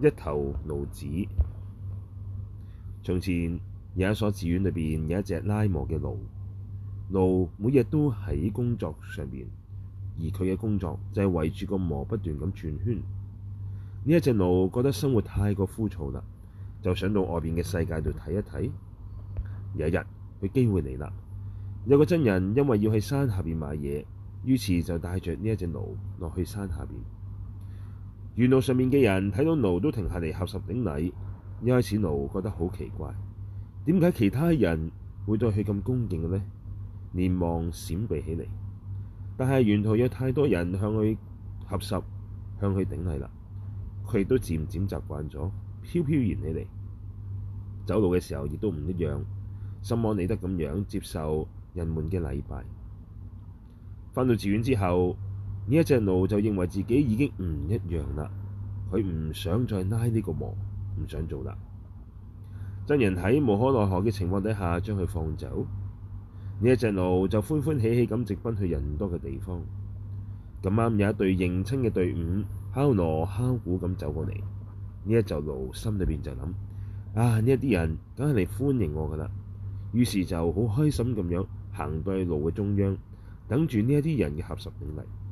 一頭驢子，從前有一所寺院裏邊有一隻拉磨嘅驢，驢每日都喺工作上面。而佢嘅工作就係圍住個磨不斷咁轉圈。呢一隻驢覺得生活太過枯燥啦，就想到外邊嘅世界度睇一睇。有一日，佢機會嚟啦，有個僧人因為要山面去山下邊買嘢，於是就帶着呢一隻驢落去山下邊。沿路上面嘅人睇到驢都停下嚟合十頂禮，一開始驢覺得好奇怪，點解其他人會對佢咁恭敬嘅咧？連忙閃避起嚟，但係沿途有太多人向佢合十向佢頂禮啦，佢都漸漸習慣咗，飄飄然起嚟，走路嘅時候亦都唔一樣，心安理得咁樣接受人們嘅禮拜。返到寺院之後。呢一隻驢就認為自己已經唔一樣啦。佢唔想再拉呢個磨，唔想做啦。僧人喺無可奈何嘅情況底下，將佢放走。呢一隻驢就歡歡喜喜咁直奔去人多嘅地方。咁啱有一隊迎親嘅隊伍敲鑼敲鼓咁走過嚟。呢一隻驢心裡就驢心裏邊就諗：啊，呢一啲人梗係嚟歡迎我噶啦。於是就好開心咁樣行到去路嘅中央，等住呢一啲人嘅合十頂禮嚟。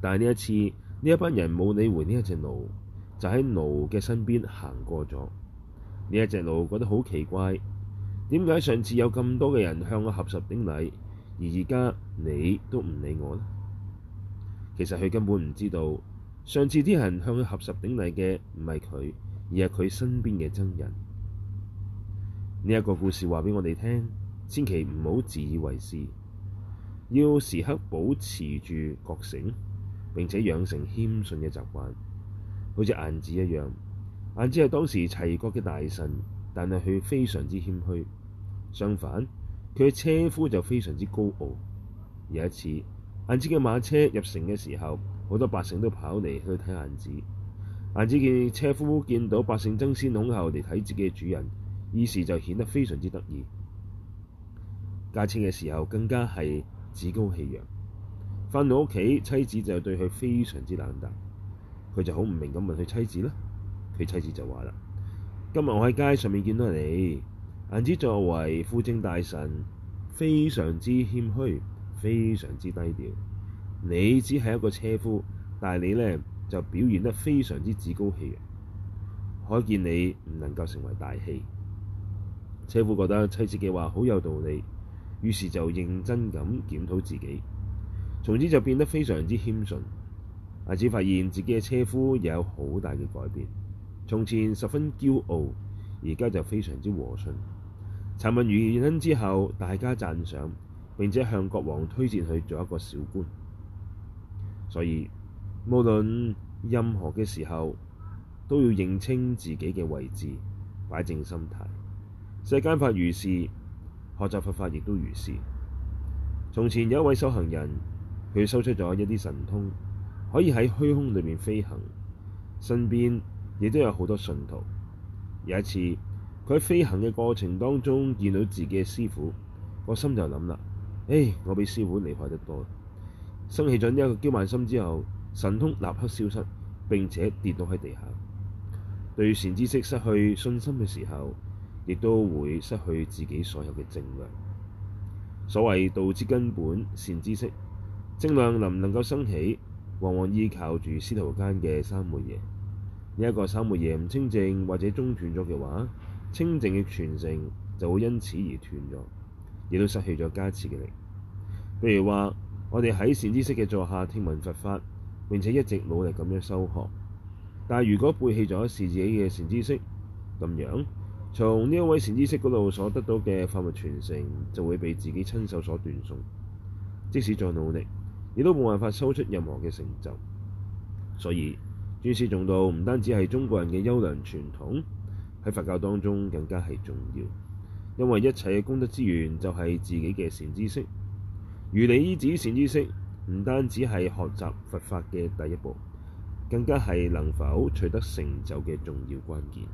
但係呢一次，呢一班人冇理會呢一隻驢，就喺驢嘅身邊行過咗。呢一隻驢覺得好奇怪，點解上次有咁多嘅人向我合十頂禮，而而家你都唔理我呢？其實佢根本唔知道，上次啲人向佢合十頂禮嘅唔係佢，而係佢身邊嘅僧人。呢、這、一個故事話俾我哋聽，千祈唔好自以為是，要時刻保持住覺醒。並且養成謙遜嘅習慣，好似晏子一樣。晏子係當時齊國嘅大臣，但係佢非常之謙虛。相反，佢嘅車夫就非常之高傲。有一次，晏子嘅馬車入城嘅時候，好多百姓都跑嚟去睇晏子。晏子嘅車夫見到百姓爭先恐後嚟睇自己嘅主人，於是就顯得非常之得意。駕車嘅時候更加係趾高氣揚。返到屋企，妻子就對佢非常之冷淡。佢就好唔明咁問佢妻子啦。佢妻子就話啦：「今日我喺街上面見到你，晏子作為富政輔政大臣，非常之謙虛，非常之低調。你只係一個車夫，但係你呢，就表現得非常之趾高氣揚，可見你唔能夠成為大器。車夫覺得妻子嘅話好有道理，於是就認真咁檢討自己。從此就變得非常之謙順。晏子發現自己嘅車夫有好大嘅改變，從前十分驕傲，而家就非常之和順。查問原因之後，大加讚賞，並且向國王推薦佢做一個小官。所以，無論任何嘅時候，都要認清自己嘅位置，擺正心態。世間法如是，學習佛法亦都如是。從前有一位修行人。佢修出咗一啲神通，可以喺虛空裏面飛行，身邊亦都有好多信徒。有一次，佢喺飛行嘅過程當中見到自己嘅師父，個心就諗啦：唉，我比師父厲害得多。生起咗一個驕慢心之後，神通立刻消失，並且跌到喺地下。對善知識失去信心嘅時候，亦都會失去自己所有嘅證量。所謂道之根本，善知識。證量能唔能夠生起，往往依靠住師徒間嘅三昧耶。呢一個三昧耶唔清淨或者中斷咗嘅話，清淨嘅傳承就會因此而斷咗，亦都失去咗加持嘅力。譬如話，我哋喺善知識嘅座下聽聞佛法，並且一直努力咁樣修學。但係如果背棄咗是自己嘅善知識咁樣，從呢一位善知識嗰度所得到嘅法脈傳承就會被自己親手所斷送。即使再努力。亦都冇辦法修出任何嘅成就，所以尊師重道唔單止係中國人嘅優良傳統，喺佛教當中更加係重要。因為一切功德之源就係自己嘅善知識，如理依止善知識，唔單止係學習佛法嘅第一步，更加係能否取得成就嘅重要關鍵。